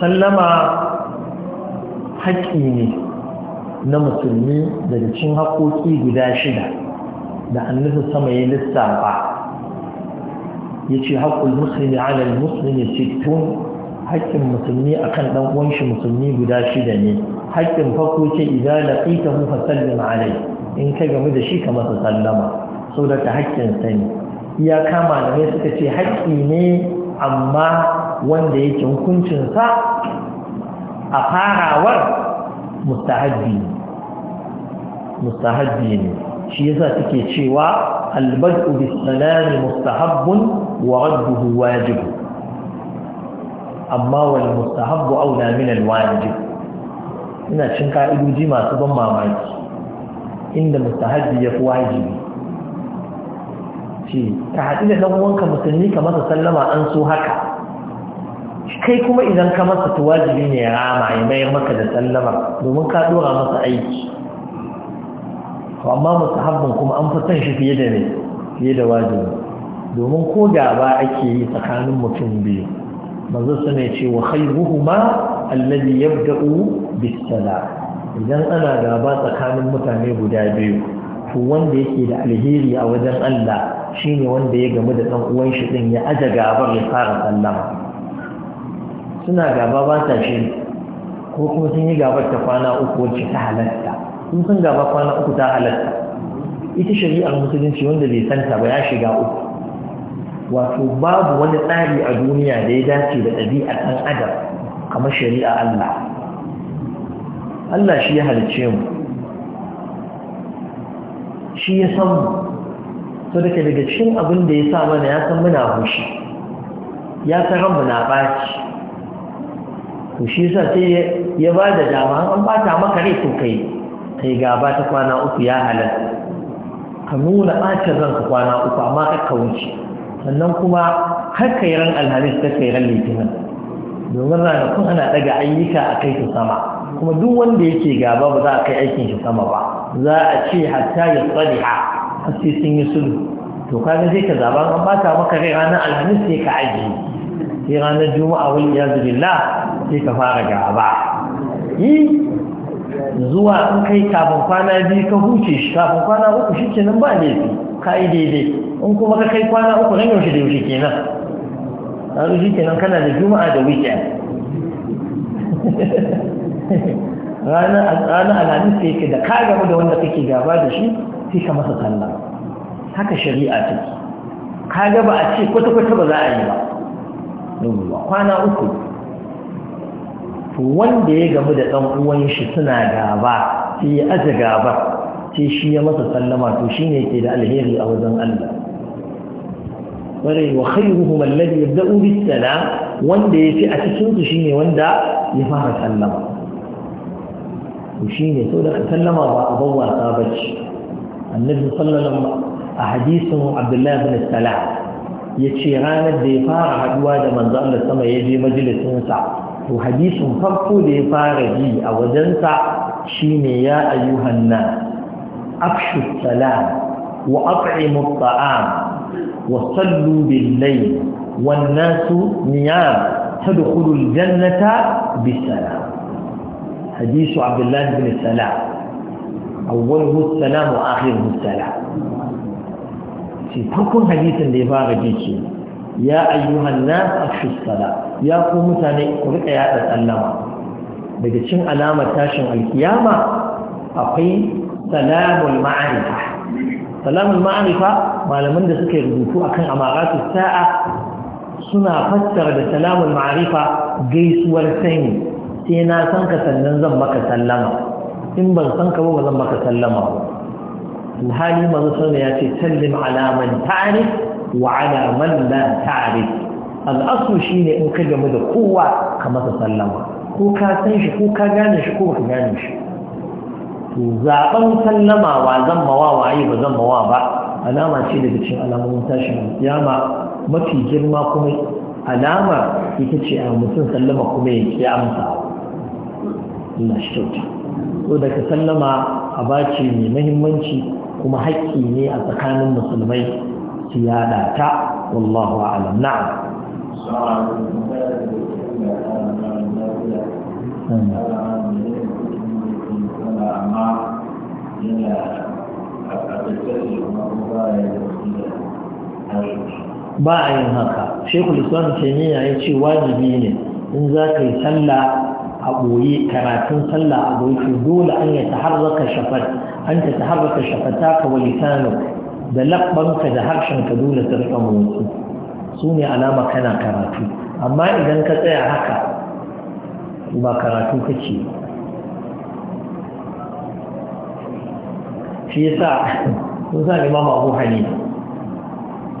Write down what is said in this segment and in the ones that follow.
sallama haƙƙi ne na musulmi daga cikin haƙoƙi guda shida da annabi sama ya lissafa ya ce haƙƙul musulmi alal musulmi sittun haƙƙin musulmi akan ɗan uwan shi musulmi guda shida ne haƙƙin farko ce idan laqitahu fa sallim alayhi in ka gamu da shi ka masa sallama saboda ta haƙƙin sani iya kama da ne suka ce haƙƙi ne amma wanda yake hukuncin sa a farawar mustahabbi mustahabbi ne shi yasa suke cewa البدء بالسلام مستحب amma واجب أما والمستحب أولى من الواجب ina cin ka'idoji masu ban mamaki inda mustahabi ya fi wajibi ce ka haɗu da ɗan'uwanka musulmi ka masa sallama an so haka kai kuma idan ka masa ta wajibi ne ya rama ya mayar maka da sallama domin ka ɗora masa aiki amma mustahabbin kuma an fi son shi fiye da ne fiye da wajibi domin ko gaba ake yi tsakanin mutum biyu manzo su ne ce wa khairuhuma allazi yabda'u bis-salam idan ana gaba tsakanin mutane guda biyu to wanda yake da alheri a wajen Allah shine wanda ya gamu da ɗan uwan shi din ya aje gabar ya fara sallama suna gaba ba ta shi ko kuma sun yi gabar ta kwana uku wacce ta halatta sun san gaba kwana uku ta halatta ita shari'ar musulunci wanda bai santa ba ya shiga uku wato babu wani tsari a duniya da ya dace da ɗabi'ar ɗan adam kamar shari'a Allah Allah shi ya halice mu shi ya san mu to da daga cikin abin da ya sa mana ya san muna hushi ya san mu na baci to shi sa sai ya ba da dama an ɓata maka rai to kai kai gaba ta kwana uku ya halatta ka nuna ɓata zan ka kwana uku amma ka wuce sannan kuma har kai ran alhamis ta kai ran litinin domin ranakun ana daga ayyuka a kai su sama kuma duk wanda yake gaba ba za a kai aikin shi sama ba za a ce hatta ya tsaliha har sai sun yi sulhu to kaga zai ka zaba an bata maka rai ranar alhamis sai ka ajiye sai ranar juma'a wal iyazu billah sai ka fara gaba yi zuwa in kai kafin kwana biyu ka huce shi kafin kwana uku shi kenan ba laifi ka yi daidai in kuma ka kai kwana uku nan yaushe da yaushe kenan a rushi kenan kana da juma'a da weekend ranar alhamis da yake da ka gaba da wanda kake gaba da shi sai ka masa sallah haka shari'a ce ka gaba a ce kwata-kwata ba za a yi ba kwana uku to wanda ya gamu da ɗan uwan shi suna gaba sai ya aje gaba sai shi ya masa sallama to shine ke da alheri a wajen Allah ƙwarai wa khairuhum alladhi yabda'u bis wanda yafi a cikin su shine wanda ya fara sallama to shine to da sallama ba a bawa ta bace annabi sallallahu a hadisin Abdullah ibn Salam ranar da ya fara haduwa da manzo Allah sama ya je majalisin sa to hadisin farko da ya fara ji a wajensa shine ya ayyuhan nas afshu salam wa at'imu at'am وصلوا بالليل والناس نيام تدخلوا الجنة بسلام حديث عبد الله بن سلام أوله السلام وآخره السلام في تكون حديث اللي بارجيكي يا أيها الناس أخشوا الصلاة يا قوم تاني قرئ يا تسلم daga cin alamar tashin alkiyama akwai salamul ma'arifa Salamun ma'arifa malaman da suka rubutu akan amaratu sa'a suna fassara da salamun ma'arifa gaisuwar sanyi sai na san ka sannan zan maka sallama in ban san ka ba zan maka sallama alhali manzo sallallahu ya ce sallim ala man ta'rif wa ala man la ta'rif al'asu in ka gamu da kowa ka masa sallama ko ka san shi ko ka gane shi ko ka gane shi to zaben sallamawa zan mawa waye ba zan mawa ba alama ce daga cikin alamomin tashin kiyama mafi girma kuma alama ita ce a mutum sallama kuma ya ki amsa Allah shi kyauta so daga sallama a bace mai muhimmanci kuma haƙƙi ne a tsakanin musulmai su yada ta wallahu a'lam na'am Thank hmm. you. sallah amma yana a ƙarƙashin shi ba a yi da ba a yin haka shekul islam taimiyya ya ce wajibi ne in za ka yi sallah a ɓoye karatun sallah a ɓoye dole an ya taharraka shafat an ta taharraka shafata ka da labbanka da harshenka dole ta rika motsi su ne alama kana karatu amma idan ka tsaya haka ba karatu kake shi sa sun sa imam abu hali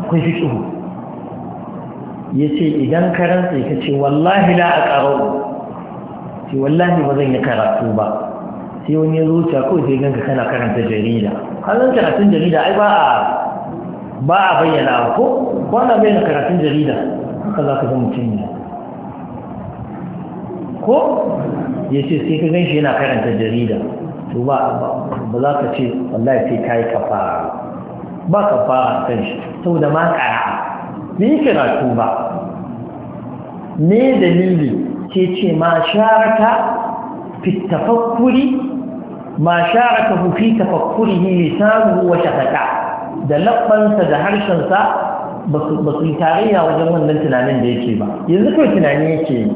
akwai ya ce idan karanta ya ce wallahi la karo ce wallahi ba zan yi karatu ba sai wani ya zuwa kawai sai ganka kana karanta jarida kallon karatun jarida ai ba a ba a bayyana ko wannan bayyana karatun jarida haka za ka zama mutum ne ko ya ce sai ka gan shi yana karanta jarida to ba ba za ka ce wallahi sai ka yi kafara ba kafara kan shi saboda ma ƙara. bai yi karatu ba ne dalili Ke ce ma sharaka fi ma sharaka fi tafakkurihi samu wa shafaka da labbansa da harshensa ba su yi tarayya wajen wannan tunanin da yake ba yanzu kawai tunani yake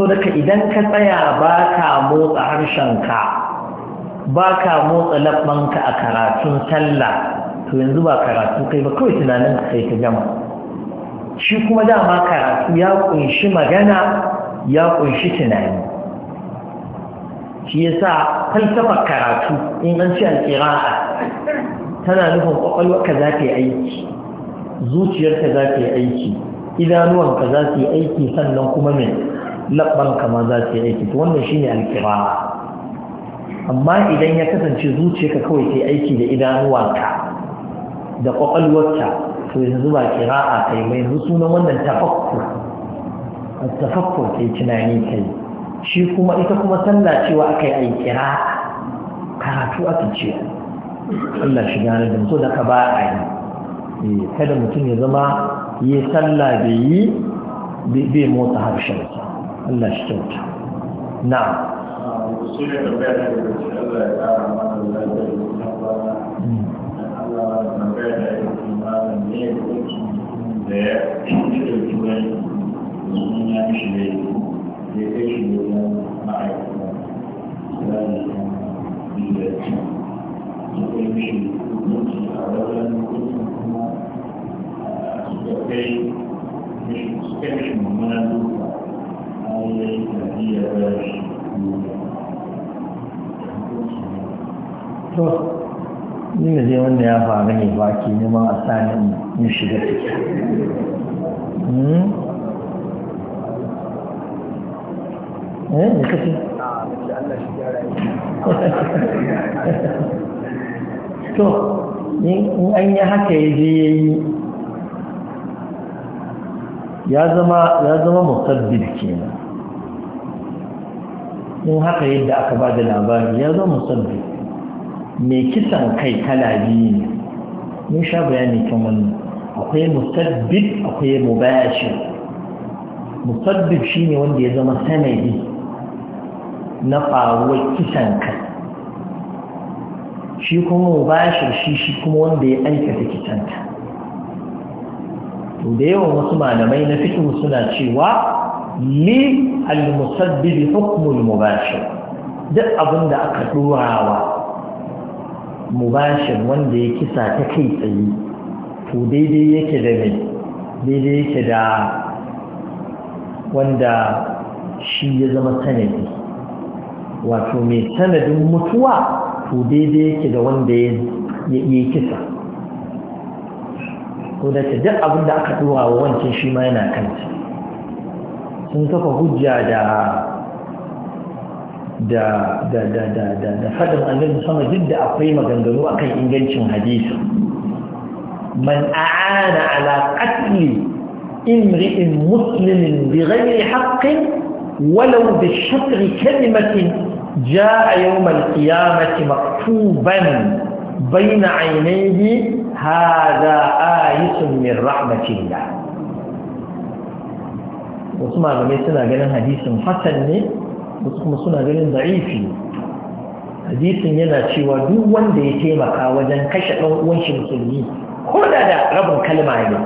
so daga idan ka tsaya ba ka motsa harshenka ba ka motsa labbanka a karatun sallah to yanzu ba karatu kai ba kawai tunanin sai ka gama shi kuma dama karatu ya kunshi magana ya kunshi tunani shi yasa falsafar karatu in an ci alƙira'a tana nufin ƙwaƙwalwarka za ta yi aiki zuciyarka za ta yi aiki idanuwanka za su yi aiki sannan kuma mai labbanka ma za su yi aiki to wannan shine alƙira'a amma idan ya kasance zuciyarka kawai yi aiki da idanuwanka da kwakwalwarka to yanzu zuba kira'a kai mai yanzu sunan wannan tafakkur tafakkur kai tunani kai shi kuma ita kuma sallah cewa akai yi kira'a karatu aka ce Allah shi gane da so da ka ba a yi eh, kada mutum ya zama yi sallah bai yi bai motsa harshen Allah shi kyauta na'am shi ne tambaya ta da shi Allah ya ƙara mana lafiya da kuma kwana Allah ya tambaya da ya ce ne ya kuci da ya ɗauki wani domin ya mishi ne ya ne ya ma'aikata ya yi da ya ce ya kai mishi hukunci a wajen hukuncin kuma suka kai mishi mummunan duka an yi da to ni da zai wanda ya faru ne ba ke neman a sani in shiga ciki hmm? eh ne kace to in an yi haka ya je ya yi ya zama musabbid kenan in haka yadda aka ba da labari ya zama musabbid mai kisan kai kala biyu ne mun sha bayani kan wannan akwai musabbib akwai mubashir musabbib shine wanda ya zama sanadi na faruwar kisan kai shi kuma mubashir shi shi kuma wanda ya aikata kitanta to da yawan wasu malamai na fikin suna cewa li al-musabbib hukmul mubashir duk abin da aka ɗorawa mubashin wanda ya kisa ta kai tsaye to daidai yake da mai daidai yake da wanda shi ya zama sanadi wato mai sanadin mutuwa to daidai yake da wanda ya yi kisa ko da ta duk abinda aka ɗora wa wancan shi ma yana kanta sun kafa hujja da da da da da da da fadin annabi sama duk da akwai maganganu akan ingancin hadisi man a'ana ala qatli imri'in muslimin bighairi haqqin walau bi shatri kalimatin جاء يوم القيامة مكتوبا بين عينيه هذا آيس من رحمة الله wasu malamai suna ganin hadisin hasan ne kuma suna ganin da'ifi hadisin yana cewa duk wanda ya taimaka wajen kashe ɗan uwan shi musulmi ko da da rabin kalma ne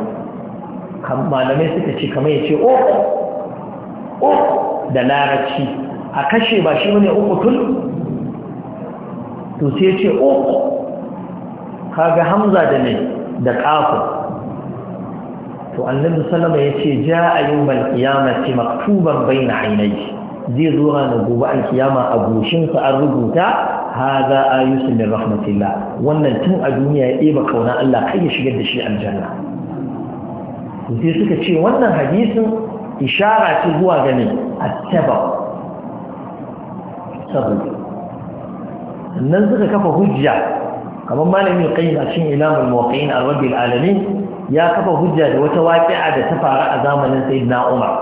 malamai suka ce kamar ya ce uku oh, uku oh, da larabci a kashe ba shi ne uku tun to sai ce uku oh, kaga hamza da ne da ƙafu to annabi sallama yace jaa yawmal ce maktuban bai na aynayhi zai zo ranar gobe alkiyama a goshinsa an rubuta haza ayusun min rahmatillah wannan tun a duniya ya ɗeba kauna Allah kai ya shigar da shi aljanna sai suka ce wannan hadisin ishara ce zuwa ga a attaba saboda sannan suka kafa hujja kamar malamin qayyim a cikin ilamul muwaqqi'in ar-rabbil alamin ya kafa hujja da wata waqi'a da ta faru a zamanin Sayyid Umar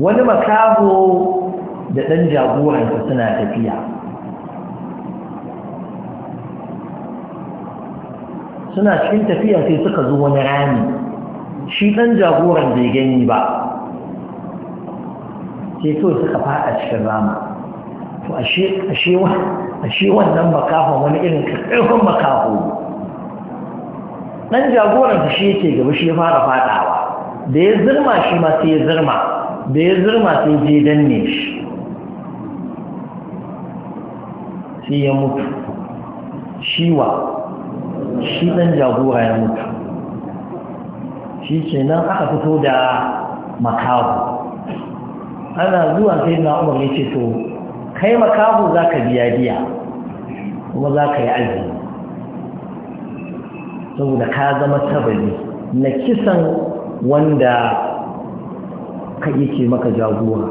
wani makaho da ɗan jagoranta suna tafiya suna cikin tafiya sai suka zo wani rami shi ɗan jagoran bai gani ba sai to suka faɗa cikin rama to ashe wannan makahon wani irin ƙarfin makaho ɗan jagoransa shi yake gaba shi ya fara faɗawa da ya zirma shi ma sai ya zirma da ya zurma sai je danne shi sai ya mutu shiwa shi ɗan jagora ya mutu shi ke nan aka fito da makahu ana zuwa sai na umar ya ce to kai makahu za ka biya biya kuma za ka yi azumi saboda ka zama tabari na kisan wanda haka yake maka jagora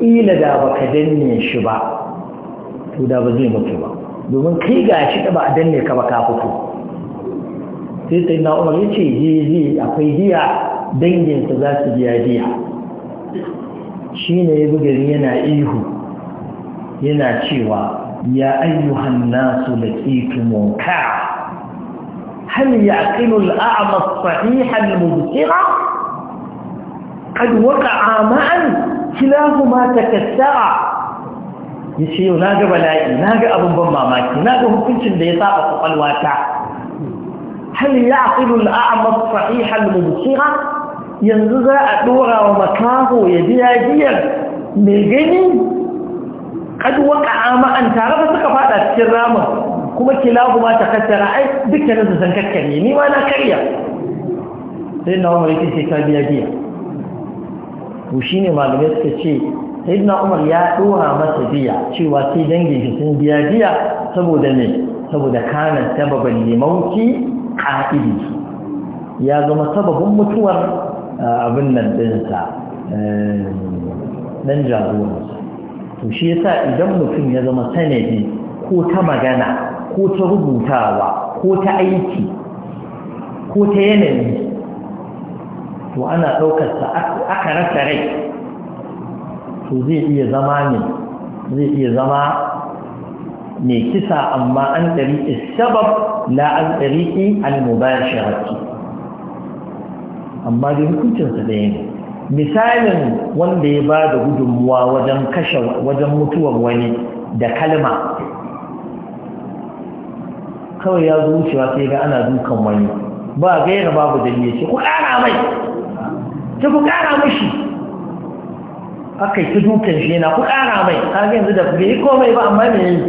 ila da baka danne shi ba to da ba zai mutu ba domin kai ga shi da ba a danne ka ba ka fito sai sai na umar ya ce yi akwai diya danginsa za su biya diya shi ne ya buga yana ihu yana cewa ya ayyuhan nasu laqitu munkara hal yaqilu al-a'ma as-sahiha al-mubtira قد وقع معا كلاهما تكسع يشي ناغا بلاي ناغا ابن بن ماماكي ناغا حكمتين ده يصاب قلواتا هل يعقل الاعمى الصحيح المبصر ينزل ادورا ومكاه يديا جيا ميغني قد وقع ما ان تعرف سكا فادا cikin rama kuma kilahuma ta kasara ai dukkan su san kakkare ni ma na kariya sai na umar yake ce ka biya biya to ne malamai suka ce na umar ya ɗora masa biya cewa sai dangin shi sun biya biya saboda ne saboda kana sababin limauki ƙa'idi ya zama sababin mutuwar abin nan ɗinsa dan eh, jagoransa to shi sa idan mutum ya zama sanadi ko ta magana ko ta rubutawa ko ta aiki ko ta yanayi to ana ɗaukarsa aka rasa rai to zai iya zama ne zai iya zama mai kisa amma an ɗariƙi sabab la an ɗariƙi al-mubashirati amma dai hukuncinsa ɗaya ne misalin wanda ya ba da gudunmuwa wajen kashe wajen mutuwar wani da kalma kawai ya zo wucewa sai ga ana dukan wani ba gaira babu dalili ce ku ƙara mai ta ku ƙara mashi aka yi ta dukan shi yana ku ƙara mai kaga yanzu da yi komai ba amma mai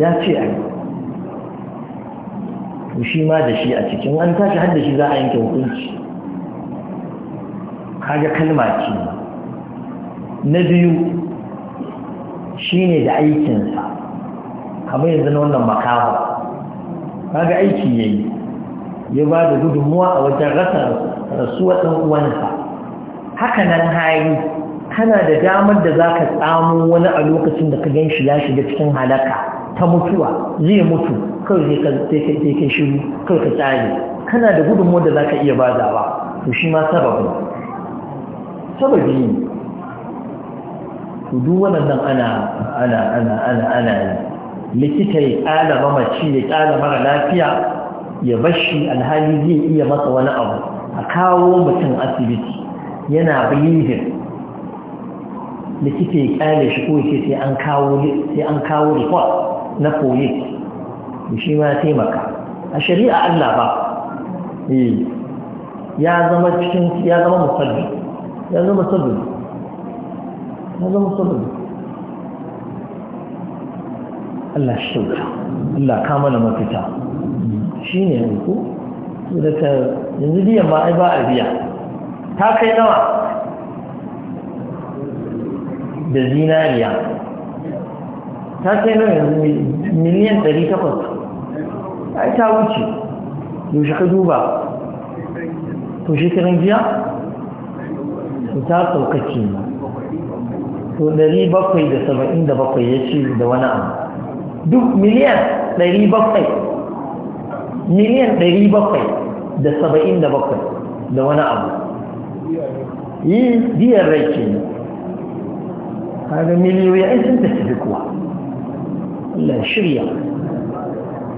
ya ce a yi. shi ma da shi a cikin an tashi hada da shi za a yanke hukunci kaga kalma ce na biyu Shi ne da aikinsa kamar yanzu na wannan makawa kaga aiki ya yi. ya ba da gudunmuwa a wajen rasa rasuwa ɗan uwansa haka nan hayi kana da damar da za ka tsamo wani a lokacin da ka gan shi ya shiga cikin halaka ta mutuwa zai mutu kawai zai kai shiru kawai ka tsare kana da gudunmu da za ka iya bazawa to shi ma sababu sababu ne to duk wannan ana ana ana ana ana likita ya ƙala mamaci ya ƙala mara lafiya ya bashi alhali zai iya masa wani abu a kawo mutum asibiti yana bleeding da ya kale shi ko ce sai an kawo sai an kawo report na koyi shi ma sai maka a shari'a Allah ba ya zama cikin ya zama musabbi ya zama musabbi ya zama musabbi Allah shi tauta Allah kama da mafita shi ne yanku da ta yanzu biyan ba ai ba a biya ta kai nawa da zinariya ta kai nawa yanzu miliyan 800 ai ta wuce yaushe ka duba to kiran jiya ta saukaci ne to 777 ya ce da wani abu duk miliyan 700 miliyan 777 da wani abu yi diyar rai ke yi kaga miliyoyi ai sun tafi duk wa Allah shirya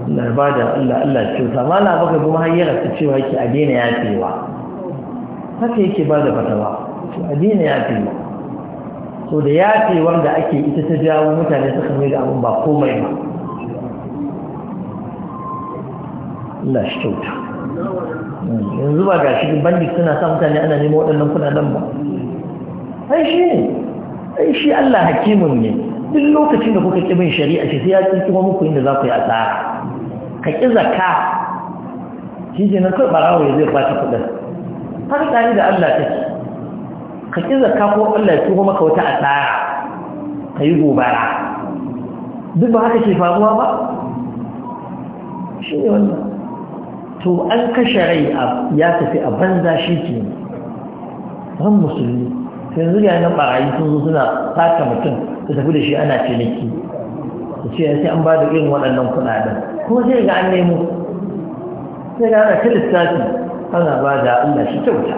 Allah ba da Allah Allah kyauta ma na baka kuma hanyar ta cewa yake a daina yafewa haka yake ba da fatawa a daina yafewa so da ya yafewar wanda ake ita ta jawo mutane suka mai da abin ba komai ba Allah shi kyauta yanzu ba ga shi bandit suna sa mutane ana nemo waɗannan nan ba ai shi ne ai shi Allah hakimun ne duk lokacin da kuka kibin shari'a shi sai ya tsinkima muku inda za ku yi asara ka ƙi zakka shi ke nan kawai ɓarawo ya zai fata ta har tsari da Allah take ka ƙi zakka ko Allah ya tuho maka wata asara ka yi gobara duk ba haka ke faruwa ba shi ne wannan to an kashe rai ya tafi a banza shi ke ran musulmi yanzu ya nan barayi sun zo suna fata mutum da tafi da shi ana ciniki da ce sai an ba da irin waɗannan kuɗaɗen ko sai ga an nemo sai ga ana ta lissafi ana ba da allah shi kyauta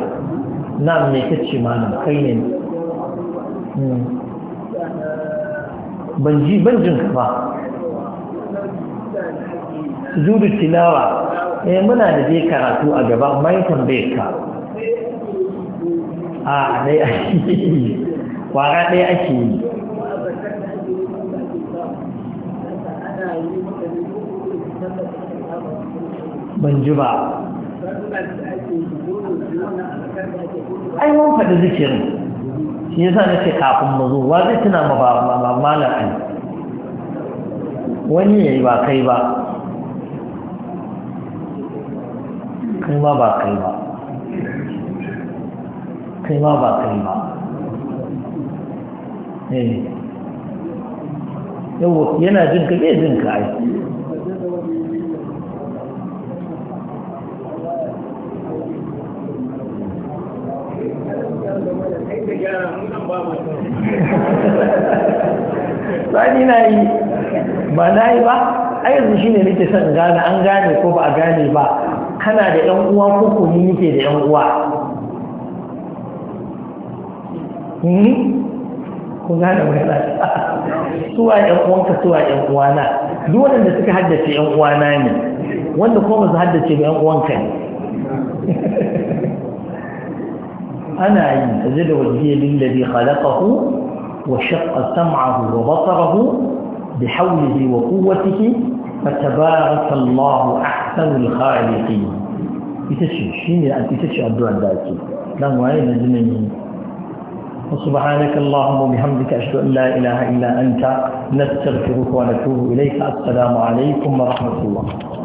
na mai kacce malam kai ne hmm. ban ji ka ba tilawa eh muna da je karatu a gaba mai yi tambayar ka a dai yi kwara dai ake yi ban ji ba ai mun faɗi zikirin shi yasa nake kafin mu zo wa zai tuna ma ba malam ai wani yayi ba kai ba kai ma ba kai ba kai ma ba kai ba eh. yau yana jin ka zai jin ka ai Sani na yi ba na yi ba a yanzu shi ne nake son gane an gane ko ba a gane ba kana da yan uwa ko ko ni da yan uwa hmm? ko gane magana suwa yan uwanka suwa yan uwana duk wanda suka haddace yan uwana ne wanda kuma su haddace ba yan uwanka ne ana yi sajada wajiyya lillazi khalaqahu wa shaqqa sam'ahu wa basarahu بحوله وقوته فتبارك الله أحسن ahsanul khaliqi ita ce shine a ita ce addu'ar da ake dan waye da zumin yi subhanaka allahumma bihamdika ashhadu an la ilaha illa anta nastaghfiruka wa natubu ilayka assalamu alaykum wa rahmatullah